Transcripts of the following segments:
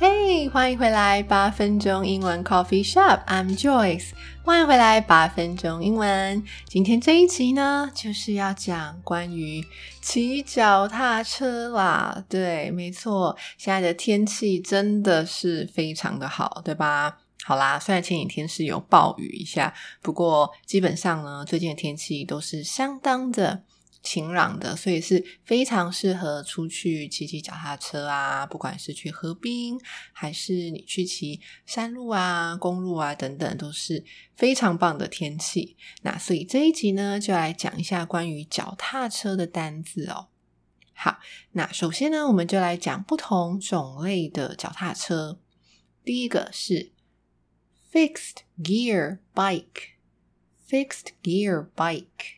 嘿，hey, 歡迎回來八分鐘英文 Coffee Shop，I'm Joyce。歡迎回來八分鐘英文，今天這一集呢，就是要講關於騎腳踏車啦。對，沒錯，現在的天氣真的是非常的好，對吧？好啦，雖然前幾天是有暴雨一下，不過基本上呢，最近的天氣都是相當的晴朗的，所以是非常適合出去騎騎腳踏車啊！不管是去河邊，還是你去騎山路啊、公路啊等等，都是非常棒的天氣。那所以這一集呢，就來講一下關於腳踏車的單字哦、喔。好，那首先呢，我們就來講不同種類的腳踏車。第一個是 fixed gear bike, fixed gear bike，fixed gear bike。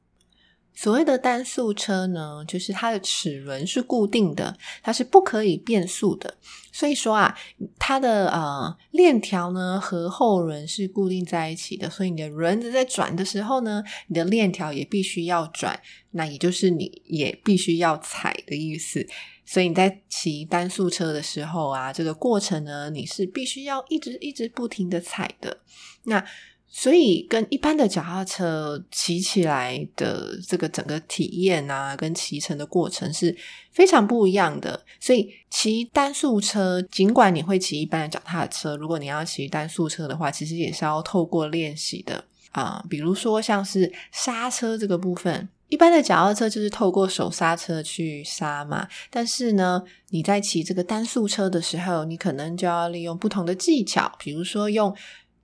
所謂的單速車呢，就是它的齒輪是固定的，它是不可以變速的。所以說啊，它的，呃，鏈條呢，和後輪是固定在一起的，所以你的輪子在轉的時候呢，你的鏈條也必須要轉。那也就是你也必須要踩的意思。所以你在騎單速車的時候啊，這個過程呢，你是必須要一直一直不停的踩的。那所以，跟一般的腳踏車騎起來的這個整個體驗啊，跟騎乘的過程是非常不一樣的。所以，騎單速車，儘管你會騎一般的腳踏車，如果你要騎單速車的話，其實也是要透過練習的啊、呃。比如說，像是剎車這個部分，一般的腳踏車就是透過手剎車去剎嘛。但是呢，你在騎這個單速車的時候，你可能就要利用不同的技巧，比如說用。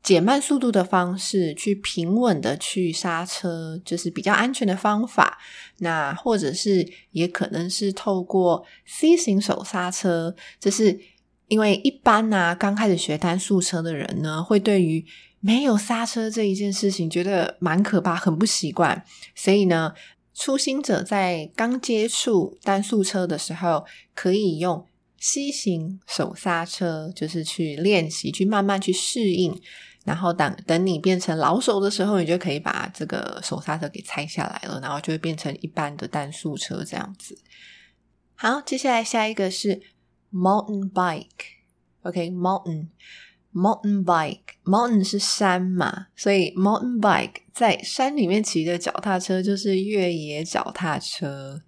減慢速度的方式，去平穩的去剎車，就是比較安全的方法。那或者是也可能是透過 C 型手剎車，就是因為一般啊，剛開始學單速車的人呢，會對於沒有剎車這一件事情覺得蠻可怕，很不習慣。所以呢，初心者在剛接觸單速車的時候，可以用 C 型手剎車，就是去練習，去慢慢去適應。然後等等你變成老手的時候，你就可以把這個手剎車給拆下來了，然後就會變成一般的單速車這樣子。好，接下來下一個是 mountain bike，OK mountain mountain bike、okay？mountain 是山嘛，所以 mountain bike，在山裡面騎的腳踏車就是越野腳踏車。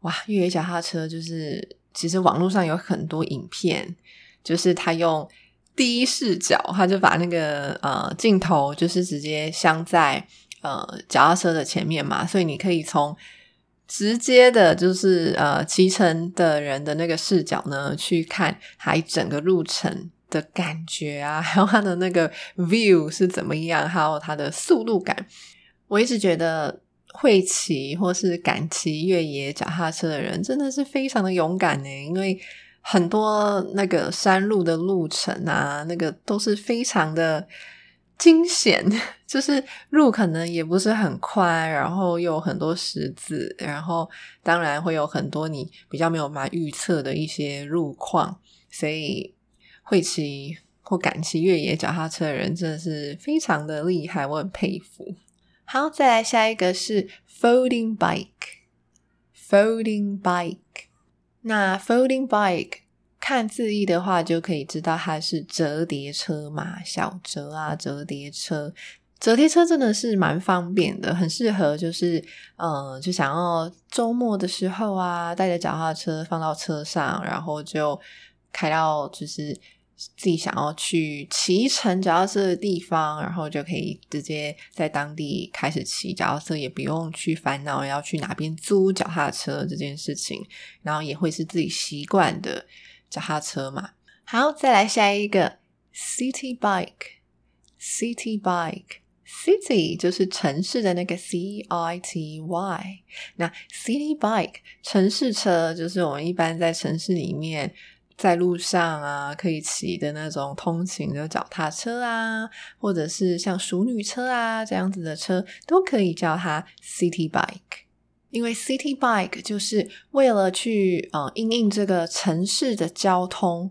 哇，越野腳踏車就是，其實網絡上有很多影片，就是他用。第一視角，他就把那個呃鏡頭就是直接鑲在呃腳踏車的前面嘛，所以你可以從直接的就是呃騎乘的人的那個視角呢去看，他整個路程的感覺啊，還有他的那個 view 是怎麼樣，還有他的速度感。我一直覺得會騎或是敢騎越野腳踏車的人真的是非常的勇敢呢，因為。很多那個山路的路程啊，那個都是非常的驚險，就是路可能也不是很寬，然後又有很多石子，然後當然會有很多你比較沒有辦法預測的一些路況，所以會騎或敢騎越野腳踏車的人真的是非常的厲害，我很佩服。好，再來下一個是 folding bike，folding bike。那 folding bike，看字意的話，就可以知道它是折疊車嘛，小折啊，折疊車。折疊車真的是蠻方便的，很適合就是，嗯，就想要周末的時候啊，帶着腳踏車放到車上，然後就開到，就是。自己想要去騎乘腳踏車的地方，然後就可以直接在當地開始騎腳踏車，也不用去煩惱要去哪邊租腳踏車這件事情。然後也會是自己習慣的腳踏車嘛。好，再來下一個 city bike city bike city 就是城市的那個 c i t y 那 city bike 城市車就是我們一般在城市裡面。在路上啊，可以騎的那種通勤的腳踏車啊，或者是像淑女車啊這樣子的車，都可以叫它 city bike。因為 city bike 就是為了去呃因應這個城市的交通，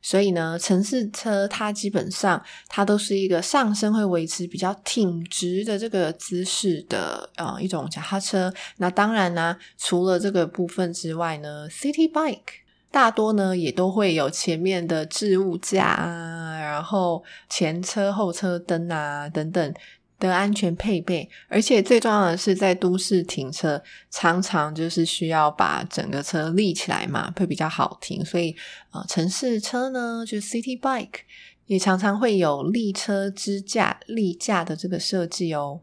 所以呢，城市車它基本上它都是一個上身會維持比較挺直的這個姿勢的呃一種腳踏車。那當然呢、啊，除了這個部分之外呢，city bike。大多呢也都會有前面的置物架啊，然後前車後車燈啊等等的安全配備，而且最重要的是在都市停車常常就是需要把整個車立起來嘛，會比較好停。所以啊，呃，城市車呢就 City Bike 也常常會有立車支架立架的這個設計哦。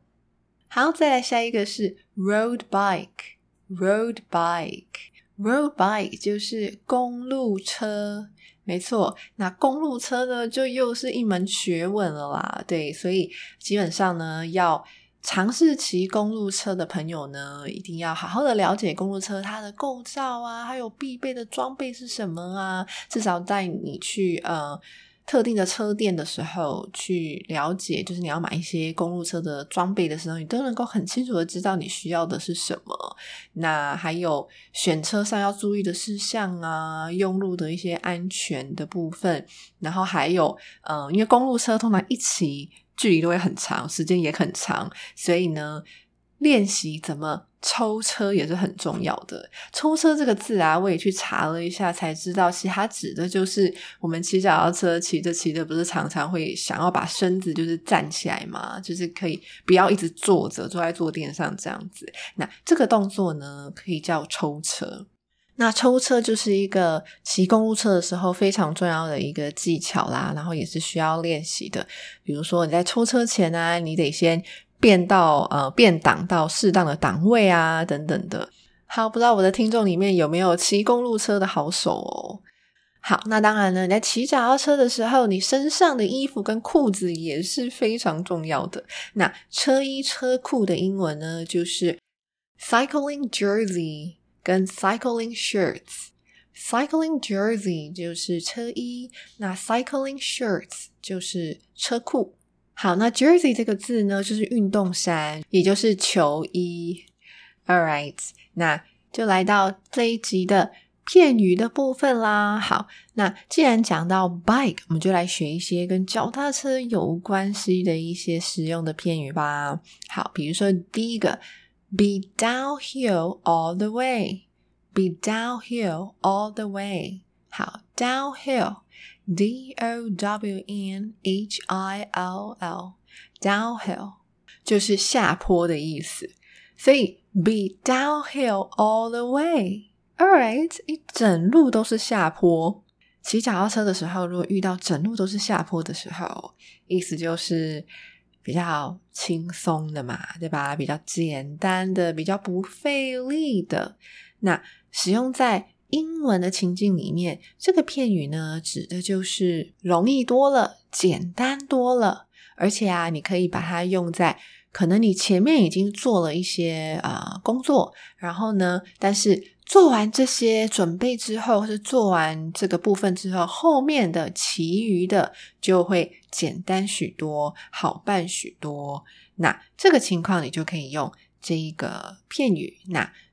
好，再來下一個是 Road Bike，Road Bike。Road bike 就是公路車，沒錯。那公路車呢，就又是一門學問了啦。對，所以基本上呢，要嘗試騎公路車的朋友呢，一定要好好的了解公路車它的構造啊，還有必備的裝備是什麼啊。至少帶你去，呃。特定的車店的時候去了解，就是你要買一些公路車的裝備的時候，你都能夠很清楚的知道你需要的是什麼。那還有選車上要注意的事項啊，用路的一些安全的部分，然後還有呃，因為公路車通常一騎距離都會很長，時間也很長，所以呢。練習怎麼抽車也是很重要的。抽車這個字啊，我也去查了一下，才知道其實它指的就是我們騎腳踏車騎着騎着，不是常常會想要把身子就是站起來嘛，就是可以不要一直坐着坐在坐墊上這樣子。那這個動作呢，可以叫抽車。那抽車就是一個騎公路車的時候非常重要的一個技巧啦，然後也是需要練習的。比如說你在抽車前啊，你得先。變到呃變擋到適當的擋位啊，等等的。好，不知道我的聽眾裡面有沒有騎公路車的好手？哦？好，那當然了，你在騎腳踏車的時候，你身上的衣服跟褲子也是非常重要的。那車衣車褲的英文呢，就是 cycling jersey 跟 cycling shorts。cycling jersey 就是車衣，那 cycling shorts 就是車褲。好，那 jersey 這個字呢，就是運動衫，也就是球衣。All right，那就來到這一集的片語的部分啦。好，那既然講到 bike，我們就來學一些跟腳踏車有關係的一些實用的片語吧。好，比如說第一個，be downhill all the way，be downhill all the way，好，downhill。D O W N H I L L，downhill 就是下坡的意思。所以，be downhill all the way，All right，一整路都是下坡。騎腳踏車的時候，如果遇到整路都是下坡的時候，意思就是比較輕鬆的嘛，對吧？比較簡單的，比較不費力的。那使用在英文的情境裡面，這個片語呢，指的就是容易多了，簡單多了。而且啊，你可以把它用在可能你前面已經做了一些呃工作，然後呢，但是做完這些準備之後，或是做完這個部分之後，後面的其餘的就會簡單許多，好辦許多。那這個情況，你就可以用這一個片語。那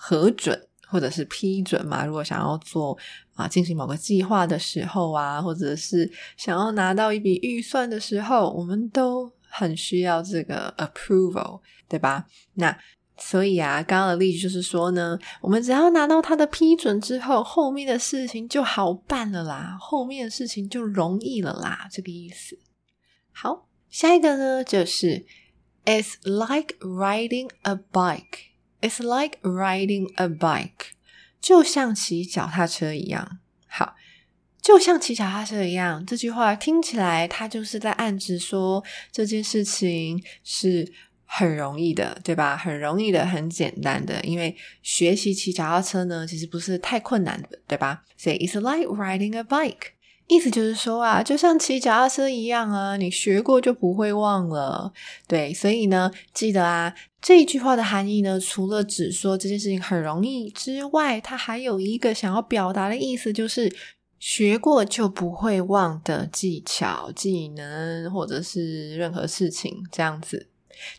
核准或者是批准嘛，如果想要做啊，進行某個計劃的時候啊，或者是想要拿到一筆預算的時候，我們都很需要這個 approval，對吧？那所以啊，剛剛的例子就是說呢，我們只要拿到它的批准之後，後面的事情就好辦了啦，後面的事情就容易了啦，這個意思。好，下一個呢就是，It's like riding a bike。It's like riding a bike，就像騎腳踏車一樣。好，就像騎腳踏車一樣，這句話聽起來，它就是在暗指說這件事情是很容易的，對吧？很容易的，很簡單的，因為學習騎腳踏車呢，其實不是太困難的，對吧？所以，It's like riding a bike。意思就是說啊，就像騎腳踏車一樣啊，你學過就不會忘了。對，所以呢，記得啊，這一句話的含義呢，除了只說這件事情很容易之外，它還有一個想要表達的意思，就是學過就不會忘的技巧、技能，或者是任何事情，這樣子。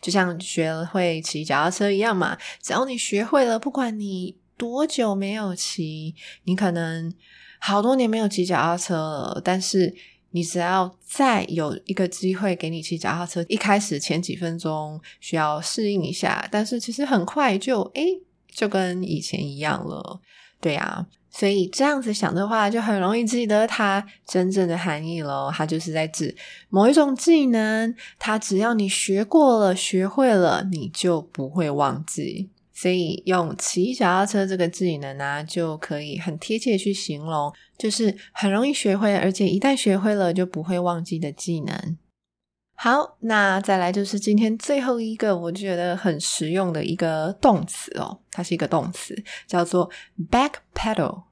就像學會騎腳踏車一樣嘛，只要你學會了，不管你多久沒有騎，你可能。好多年沒有騎腳踏車了，但是你只要再有一個機會給你騎腳踏車，一開始前幾分鐘需要適應一下，但是其實很快就，誒，就跟以前一樣了，對呀。所以這樣子想的話，就很容易記得它真正的含義嘍。它就是在指某一種技能，它只要你學過了、學會了，你就不會忘記。所以用騎腳踏車這個技能啊，就可以很貼切去形容，就是很容易學會，而且一旦學會了就不會忘記的技能。好，那再來就是今天最後一個我覺得很實用的一個動詞哦，它是一個動詞，叫做 backpedal。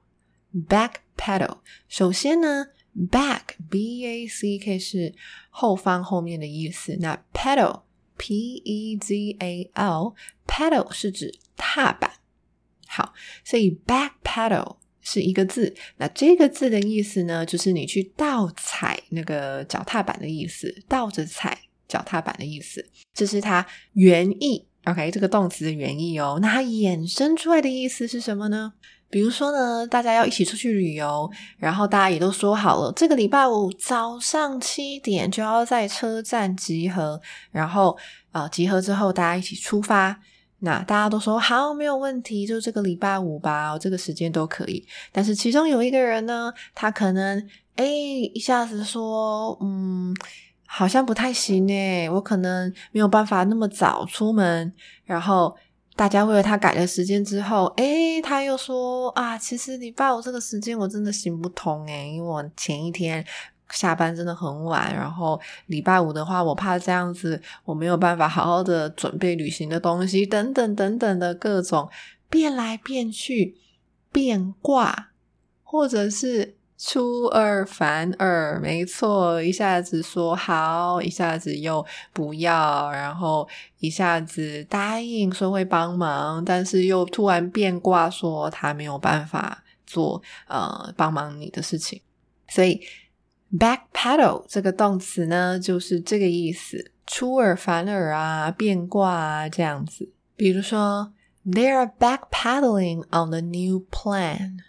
backpedal。首先呢，back B-A-C-K 是後方、後面的意思，那 pedal。P E D A L，pedal 是指踏板。好，所以 back pedal 是一個字，那這個字的意思呢，就是你去倒踩那個腳踏板的意思，倒着踩腳踏板的意思，這、就是它原意。OK，這個動詞的原意哦，那它衍生出來的意思是什麼呢？比如說呢，大家要一起出去旅遊，然後大家也都說好了，這個禮拜五早上七點就要在車站集合，然後，呃，集合之後大家一起出發。那大家都說好，沒有問題，就這個禮拜五吧，這個時間都可以。但是其中有一個人呢，他可能欸，一下子說，嗯，好像不太行欸，我可能沒有辦法那麼早出門，然後。大家為了他改了時間之後，誒、欸，他又說啊，其實禮拜五這個時間我真的行不通誒、欸，因為我前一天下班真的很晚，然後禮拜五的話，我怕這樣子我沒有辦法好好的準備旅行的東西，等等等等的各種變來變去，變卦，或者是。出爾反爾，沒錯，一下子說好，一下子又不要，然後一下子答應說會幫忙，但是又突然變卦，說他沒有辦法做，呃，幫忙你的事情。所以 backpedal 這個動詞呢，就是這個意思，出爾反爾啊，變卦啊，這樣子。比如說，They are backpedaling on the new plan。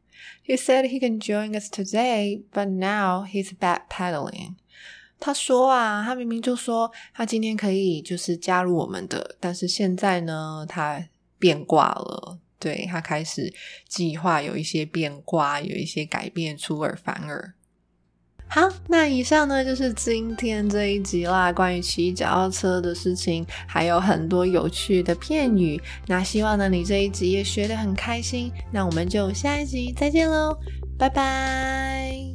He said he can join us today, but now he's backpedaling. 他說啊，他明明就說他今天可以就是加入我們的，但是現在呢，他變卦了，對，他開始計劃有一些變卦，有一些改變，出爾反爾。好，那以上呢，就是今天這一集啦，關於騎腳踏車的事情，還有很多有趣的片語。那希望呢，你這一集也學得很開心。那我們就下一集再見嘍，拜拜。